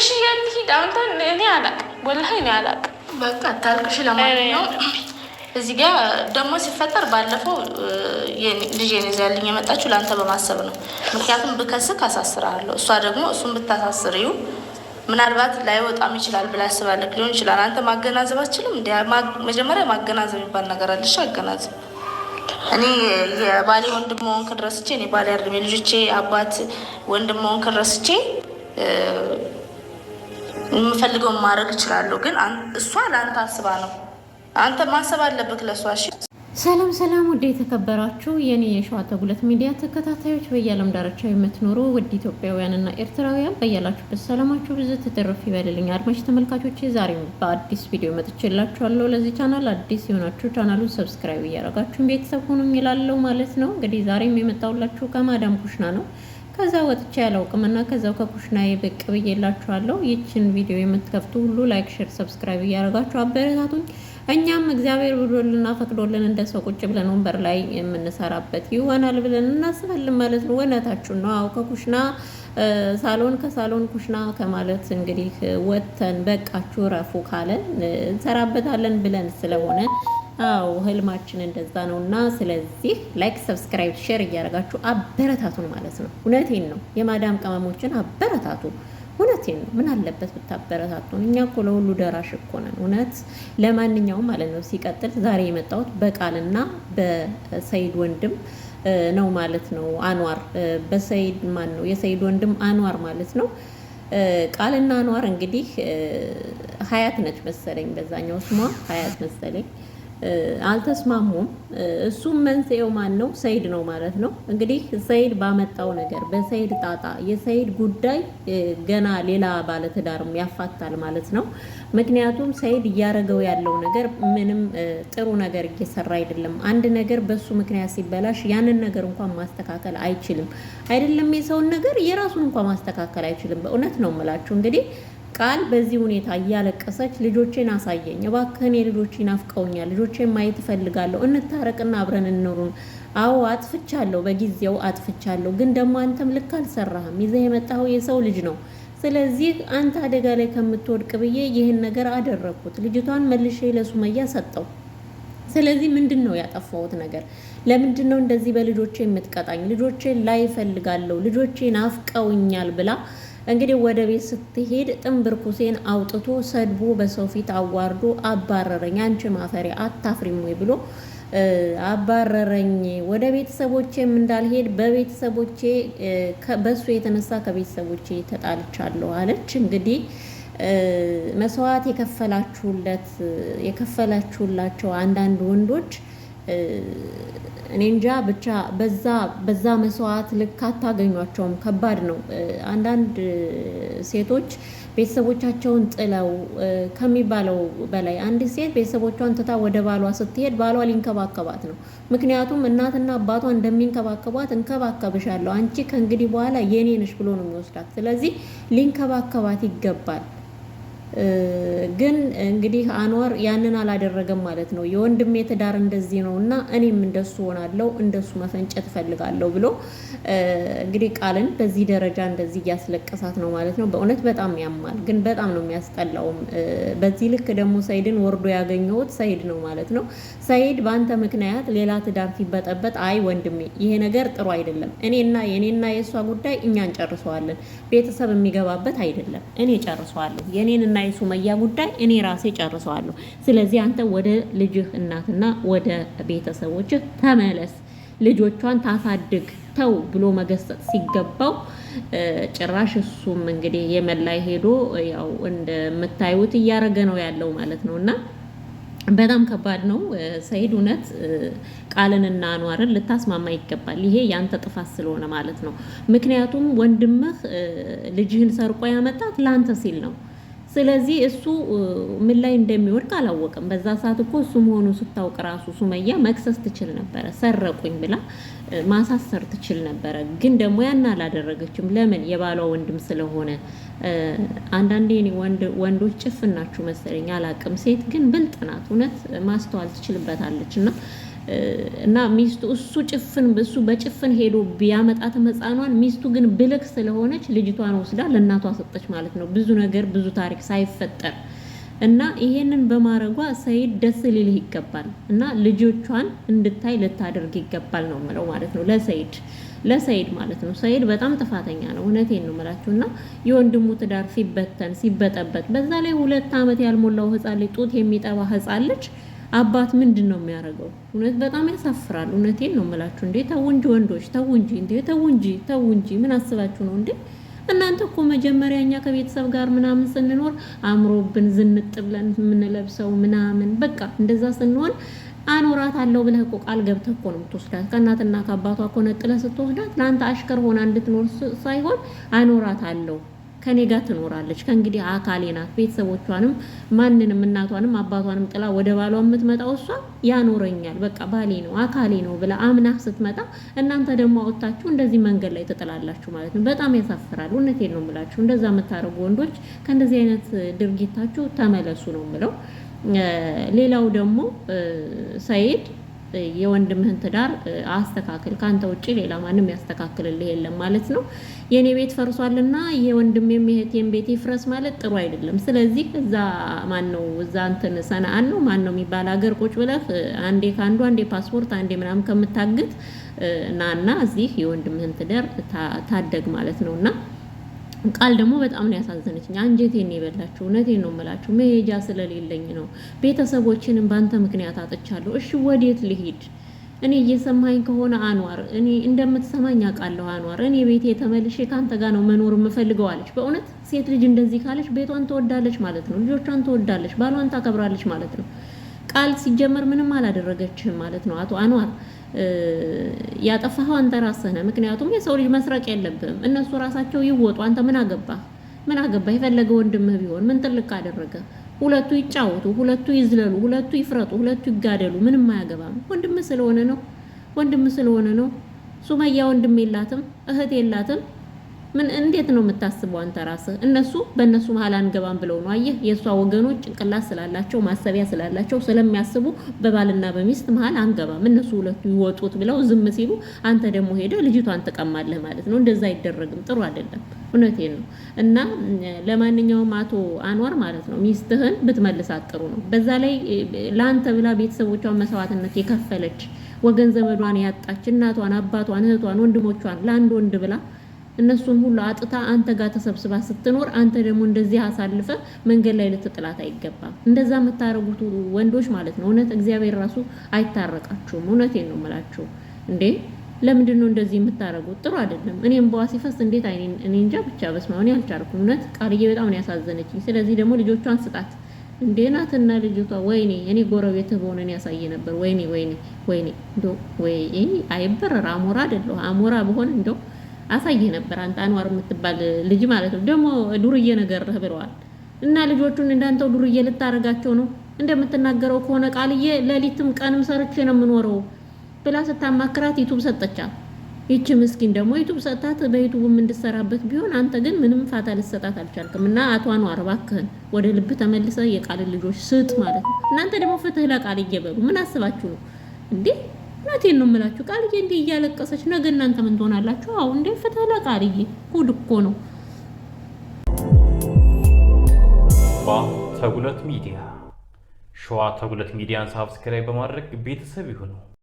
እሺ የት ሂድ አንተ? እኔ አላቅም፣ ወላሂ እኔ አላቅም። በቃ ታልቅሽ። ለማንኛውም እዚህ ጋ ደግሞ ሲፈጠር ባለፈው ልጄን ይዛልኝ የመጣችው ለአንተ በማሰብ ነው። ምክንያቱም ብከስክ አሳስርሃለሁ። እሷ ደግሞ እሱን ብታሳስሪው ምናልባት ላይወጣም ይችላል ብላ አስባለክ ሊሆን ይችላል። አንተ ማገናዘብ አትችልም። እንዲ መጀመሪያ ማገናዘብ የሚባል ነገር አለሽ። አገናዘብ እኔ የባሌ ወንድም መሆንክን ረስቼ እኔ ባሌ አይደለም የልጆቼ አባት ወንድም መሆንክን ረስቼ የምፈልገውን ማድረግ እችላለሁ። ግን እሷ ለአንተ አስባ ነው። አንተ ማሰብ አለብህ ለእሷ። እሺ። ሰላም ሰላም፣ ውድ የተከበራችሁ የኔ የሸዋ ተጉለት ሚዲያ ተከታታዮች በየዓለም ዳርቻ የምትኖሩ ውድ ኢትዮጵያውያንና ኤርትራውያን በያላችሁበት ሰላማችሁ ብዙ ትትርፍ ይበልልኝ። አድማጭ ተመልካቾች ዛሬም በአዲስ ቪዲዮ መጥቼላችኋለሁ። ለዚህ ቻናል አዲስ የሆናችሁ ቻናሉን ሰብስክራይብ እያደረጋችሁን ቤተሰብ ሆኑ ይላለው ማለት ነው። እንግዲህ ዛሬም የመጣሁላችሁ ከማዳም ኩሽና ነው። ከዛ ወጥቼ ያላውቅም እና ከዛው ከኩሽናዬ ብቅ ብዬላችኋለሁ። ይችን ቪዲዮ የምትከፍቱ ሁሉ ላይክ፣ ሼር፣ ሰብስክራይብ እያደረጋችሁ አበረታቱኝ። እኛም እግዚአብሔር ብሎልና ፈቅዶልን እንደ ሰው ቁጭ ብለን ወንበር ላይ የምንሰራበት ይሆናል ብለን እናስባለን ማለት ነው። እውነታችሁ ነው። አዎ ከኩሽና ሳሎን፣ ከሳሎን ኩሽና ከማለት እንግዲህ ወጥተን በቃችሁ ረፉ ካለን እንሰራበታለን ብለን ስለሆነ አዎ ህልማችን እንደዛ ነው እና ስለዚህ ላይክ፣ ሰብስክራይብ፣ ሼር እያደረጋችሁ አበረታቱን ማለት ነው። እውነቴን ነው። የማዳም ቅመሞችን አበረታቱ። እውነቴን ነው። ምን አለበት ብታበረታቱን? እኛ እኮ ለሁሉ ደራሽ እኮ ነን። እውነት ለማንኛውም ማለት ነው። ሲቀጥል ዛሬ የመጣሁት በቃልና በሰይድ ወንድም ነው ማለት ነው። አንዋር በሰይድ ማን ነው? የሰይድ ወንድም አንዋር ማለት ነው። ቃልና አንዋር እንግዲህ ሀያት ነች መሰለኝ፣ በዛኛው ስሟ ሀያት መሰለኝ አልተስማሙም። እሱም መንስኤው ማን ነው? ሰይድ ነው ማለት ነው። እንግዲህ ሰይድ ባመጣው ነገር፣ በሰይድ ጣጣ የሰይድ ጉዳይ ገና ሌላ ባለትዳርም ያፋታል ማለት ነው። ምክንያቱም ሰይድ እያደረገው ያለው ነገር ምንም ጥሩ ነገር እየሰራ አይደለም። አንድ ነገር በሱ ምክንያት ሲበላሽ ያንን ነገር እንኳን ማስተካከል አይችልም። አይደለም የሰውን ነገር የራሱን እንኳን ማስተካከል አይችልም። በእውነት ነው የምላችሁ እንግዲህ ቃል በዚህ ሁኔታ እያለቀሰች ልጆቼን አሳየኝ እባክህን፣ የልጆቼ ናፍቀውኛል፣ ልጆቼን ማየት እፈልጋለሁ፣ እንታረቅና አብረን እንኑሩ። አዎ አጥፍቻለሁ፣ በጊዜው አጥፍቻለሁ፣ ግን ደግሞ አንተም ልክ አልሰራህም። ይዘህ የመጣኸው የሰው ልጅ ነው። ስለዚህ አንተ አደጋ ላይ ከምትወድቅ ብዬ ይህን ነገር አደረግኩት። ልጅቷን መልሼ ለሱመያ ሰጠው። ስለዚህ ምንድን ነው ያጠፋሁት ነገር? ለምንድን ነው እንደዚህ በልጆቼ የምትቀጣኝ? ልጆቼን ላይ እፈልጋለሁ፣ ልጆቼን አፍቀውኛል ብላ እንግዲህ ወደ ቤት ስትሄድ ጥንብርኩሴን አውጥቶ ሰድቦ በሰው ፊት አዋርዶ አባረረኝ፣ አንቺ ማፈሪ አታፍሪም ወይ ብሎ አባረረኝ። ወደ ቤተሰቦቼም እንዳልሄድ በቤተሰቦቼ በሱ የተነሳ ከቤተሰቦቼ ተጣልቻለሁ አለች። እንግዲህ መስዋዕት የከፈላችሁለት የከፈላችሁላቸው አንዳንድ ወንዶች እኔ እንጃ ብቻ በዛ በዛ መስዋዕት ልክ አታገኟቸውም። ከባድ ነው። አንዳንድ ሴቶች ቤተሰቦቻቸውን ጥለው ከሚባለው በላይ አንዲት ሴት ቤተሰቦቿን ትታ ወደ ባሏ ስትሄድ ባሏ ሊንከባከባት ነው። ምክንያቱም እናትና አባቷ እንደሚንከባከቧት እንከባከብሻለሁ፣ አንቺ ከእንግዲህ በኋላ የኔ ነሽ ብሎ ነው የሚወስዳት። ስለዚህ ሊንከባከባት ይገባል። ግን እንግዲህ አንዋር ያንን አላደረገም ማለት ነው። የወንድሜ ትዳር እንደዚህ ነው እና እኔም እንደሱ ሆናለሁ እንደሱ መፈንጨት እፈልጋለሁ ብሎ እንግዲህ ቃልን በዚህ ደረጃ እንደዚህ እያስለቀሳት ነው ማለት ነው። በእውነት በጣም ያማል፣ ግን በጣም ነው የሚያስጠላውም። በዚህ ልክ ደግሞ ሰይድን ወርዶ ያገኘሁት ሰይድ ነው ማለት ነው። ሰይድ በአንተ ምክንያት ሌላ ትዳር ሲበጠበጥ፣ አይ ወንድሜ ይሄ ነገር ጥሩ አይደለም፣ እኔና የእኔና የእሷ ጉዳይ እኛ እንጨርሰዋለን፣ ቤተሰብ የሚገባበት አይደለም፣ እኔ ጨርሰዋለሁ የኔንና የሱመያ ጉዳይ እኔ ራሴ ጨርሰዋለሁ። ስለዚህ አንተ ወደ ልጅህ እናትና ወደ ቤተሰቦችህ ተመለስ፣ ልጆቿን ታሳድግ ተው ብሎ መገሰጥ ሲገባው ጭራሽ እሱም እንግዲህ የመላይ ሄዶ ያው እንደምታዩት እያረገ ነው ያለው ማለት ነው እና በጣም ከባድ ነው ሰይድ። እውነት ቃልንና አኗርን ልታስማማ ይገባል። ይሄ ያንተ ጥፋት ስለሆነ ማለት ነው። ምክንያቱም ወንድምህ ልጅህን ሰርቆ ያመጣት ለአንተ ሲል ነው። ስለዚህ እሱ ምን ላይ እንደሚወድቅ አላወቅም። በዛ ሰዓት እኮ እሱ መሆኑ ስታውቅ ራሱ ሱመያ መክሰስ ትችል ነበረ። ሰረቁኝ ብላ ማሳሰር ትችል ነበረ። ግን ደግሞ ያን አላደረገችም። ለምን? የባሏ ወንድም ስለሆነ። አንዳንዴ ወንዶች ጭፍናችሁ መሰለኝ አላቅም። ሴት ግን ብልጥ ናት። እውነት ማስተዋል ትችልበታለች እና እና ሚስቱ እሱ ጭፍን እሱ በጭፍን ሄዶ ቢያመጣትም ህፃኗን ሚስቱ ግን ብልክ ስለሆነች ልጅቷን ወስዳ ለእናቷ ሰጠች ማለት ነው። ብዙ ነገር ብዙ ታሪክ ሳይፈጠር እና ይሄንን በማረጓ ሰይድ ደስ ሊልህ ይገባል እና ልጆቿን እንድታይ ልታደርግ ይገባል ነው ምለው ማለት ነው ለሰይድ ለሰይድ ማለት ነው። ሰይድ በጣም ጥፋተኛ ነው። እውነቴን ነው የምላችሁ። እና የወንድሙ ትዳር ሲበተን ሲበጠበት በዛ ላይ ሁለት ዓመት ያልሞላው ህፃን ልጅ ጡት የሚጠባ ህፃን ልጅ አባት ምንድን ነው የሚያደርገው? እውነት በጣም ያሳፍራል። እውነቴን ነው የምላችሁ። እንዴ ተው እንጂ ወንዶች ተው እንጂ እንዴ ተው እንጂ ተው እንጂ። ምን አስባችሁ ነው እንዴ? እናንተ እኮ መጀመሪያ እኛ ከቤተሰብ ጋር ምናምን ስንኖር አምሮብን ዝንጥ ብለን የምንለብሰው ምናምን በቃ እንደዛ ስንሆን አኖራት አለው ብለህ እኮ ቃል ገብተህ እኮ ነው የምትወስዳት። ከእናትና ከአባቷ እኮ ነጥለህ ስትወስዳት ለአንተ አሽከር ሆና እንድትኖር ሳይሆን አኖራት አለው ከኔ ጋር ትኖራለች፣ ከእንግዲህ አካሌ ናት። ቤተሰቦቿንም ማንንም እናቷንም አባቷንም ጥላ ወደ ባሏ የምትመጣው እሷ ያኖረኛል፣ በቃ ባሌ ነው አካሌ ነው ብላ አምና ስትመጣ እናንተ ደግሞ አወጣችሁ እንደዚህ መንገድ ላይ ትጥላላችሁ ማለት ነው። በጣም ያሳፍራል። እውነቴን ነው የምላችሁ። እንደዛ የምታደርጉ ወንዶች ከእንደዚህ አይነት ድርጊታችሁ ተመለሱ ነው የምለው። ሌላው ደግሞ ሰይድ የወንድምህን ትዳር አስተካክል፣ ከአንተ ውጭ ሌላ ማንም ያስተካክልልህ የለም ማለት ነው። የእኔ ቤት ፈርሷልና የወንድሜም የእህቴም ቤት ይፍረስ ማለት ጥሩ አይደለም። ስለዚህ እዛ ማን ነው እዛ እንትን ሰናአን ነው ማን ነው የሚባል ሀገር ቁጭ ብለህ አንዴ ከአንዱ አንዴ ፓስፖርት አንዴ ምናምን ከምታግት ናና እዚህ የወንድምህን ትዳር ታደግ ማለት ነው እና ቃል ደግሞ በጣም ነው ያሳዘነችኝ። አንጀቴን ነው የበላችሁ። እውነቴን ነው የምላችሁ፣ መሄጃ ስለሌለኝ ነው። ቤተሰቦችንም በአንተ ምክንያት አጥቻለሁ። እሺ ወዴት ልሂድ? እኔ እየሰማኝ ከሆነ አንዋር፣ እኔ እንደምትሰማኝ አውቃለሁ አንዋር። እኔ ቤቴ ተመልሼ ከአንተ ጋር ነው መኖር የምፈልገው አለች። በእውነት ሴት ልጅ እንደዚህ ካለች ቤቷን ትወዳለች ማለት ነው፣ ልጆቿን ትወዳለች፣ ባሏን ታከብራለች ማለት ነው። ቃል ሲጀመር ምንም አላደረገችህም ማለት ነው አቶ አንዋር ያጠፋኸው አንተ ራስህ ነህ። ምክንያቱም የሰው ልጅ መስረቅ የለብህም። እነሱ ራሳቸው ይወጡ። አንተ ምን አገባህ? ምን አገባህ? የፈለገ ወንድምህ ቢሆን ምን ትልቅ አደረገ? ሁለቱ ይጫወቱ፣ ሁለቱ ይዝለሉ፣ ሁለቱ ይፍረጡ፣ ሁለቱ ይጋደሉ፣ ምንም አያገባም። ወንድም ስለሆነ ነው። ወንድም ስለሆነ ነው። ሱመያ ወንድም የላትም፣ እህት የላትም። ምን እንዴት ነው የምታስበው አንተ ራስህ? እነሱ በእነሱ መሀል አንገባም ብለው ነው። አየህ የእሷ ወገኖች ጭንቅላት ስላላቸው ማሰቢያ ስላላቸው ስለሚያስቡ በባልና በሚስት መሀል አንገባም እነሱ ሁለቱ ይወጡት ብለው ዝም ሲሉ አንተ ደግሞ ሄደ ልጅቷን ትቀማለህ ማለት ነው። እንደዛ አይደረግም፣ ጥሩ አይደለም። እውነቴን ነው። እና ለማንኛውም አቶ አንዋር ማለት ነው ሚስትህን ብትመልሳት ጥሩ ነው። በዛ ላይ ለአንተ ብላ ቤተሰቦቿን መስዋዕትነት የከፈለች ወገን ዘመዷን ያጣች እናቷን፣ አባቷን፣ እህቷን፣ ወንድሞቿን ለአንድ ወንድ ብላ እነሱን ሁሉ አጥታ አንተ ጋር ተሰብስባ ስትኖር አንተ ደግሞ እንደዚህ አሳልፈ መንገድ ላይ ልትጥላት አይገባም። እንደዛ የምታደርጉት ወንዶች ማለት ነው እውነት እግዚአብሔር ራሱ አይታረቃችሁም። እውነቴን ነው የምላችሁ እንዴ ለምንድን ነው እንደዚህ የምታደርጉት? ጥሩ አይደለም። እኔም በዋ ሲፈስ እንዴት እኔ እንጃ ብቻ በስመ አብ አልቻልኩም። እውነት ቃልዬ በጣም ነው ያሳዘነችኝ። ስለዚህ ደግሞ ልጆቿን ስጣት እንዴ ናትና ልጅቷ ወይኔ እኔ ጎረቤትህ በሆነን ያሳየ ነበር። ወይኔ ወይኔ ወይኔ እንዶ ወይ አይበረር አሞራ አይደለሁ አሞራ በሆን እንደው አሳየ ነበር አንተ አንዋር የምትባል ልጅ ማለት ነው። ደግሞ ዱርዬ ነገር ብለዋል እና ልጆቹን እንዳንተው ዱርዬ ልታደርጋቸው ነው እንደምትናገረው ከሆነ ቃልዬ ሌሊትም ቀንም ሰርቼ ነው የምኖረው ብላ ስታማክራት ዩቱብ ሰጠቻት። ይቺ ምስኪን ደግሞ ዩቱብ ሰጣት። በዩቱብ እንድሰራበት ቢሆን አንተ ግን ምንም ፋታ ልሰጣት አልቻልክም። እና አቶ አንዋር እባክህን ወደ ልብ ተመልሰ የቃልን ልጆች ስጥ ማለት ነው። እናንተ ደግሞ ፍትህ ለቃልዬ በሉ። ምን አስባችሁ ነው እንዴ? እውነቴን ነው የምላችሁ። ቃልዬ እንዲህ እያለቀሰች ነገ እናንተ ምን ትሆናላችሁ? አሁ እንዴ ፍትህ ለቃልዬ ሁድ እኮ ነው። ተጉለት ሚዲያ ሸዋ ተጉለት ሚዲያን ሳብስክራይብ በማድረግ ቤተሰብ ይሁኑ።